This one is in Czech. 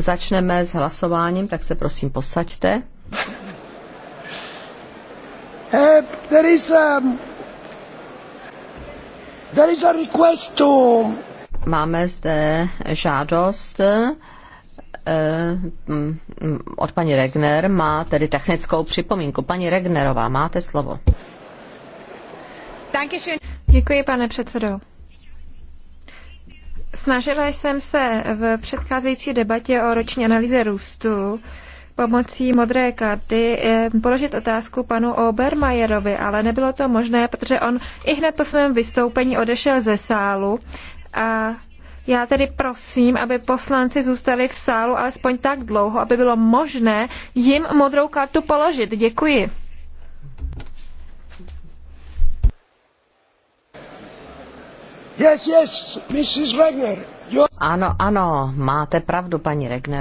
Začneme s hlasováním, tak se prosím posaďte. Uh, there is a, um, there is a request to... Máme zde žádost uh, mm, od paní Regner má tedy technickou připomínku. Paní Regnerová, máte slovo. Dankeschön. Děkuji, pane předsedo. Snažila jsem se v předcházející debatě o roční analýze růstu pomocí modré karty eh, položit otázku panu Obermajerovi, ale nebylo to možné, protože on i hned po svém vystoupení odešel ze sálu a já tedy prosím, aby poslanci zůstali v sálu alespoň tak dlouho, aby bylo možné jim modrou kartu položit. Děkuji. Yes, yes, Mrs. Regner. Ano, ano, máte pravdu, paní Regner.